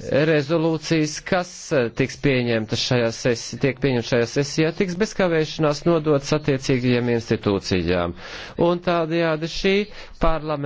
rezolūcijas, kas eh, tiks pieņemta šajā sesijā, tiek pieņemta šajā sesijā, tiks bezkavēšanās nodots attiecīgajiem institūcijām. Un tādējādi šī parlamenta.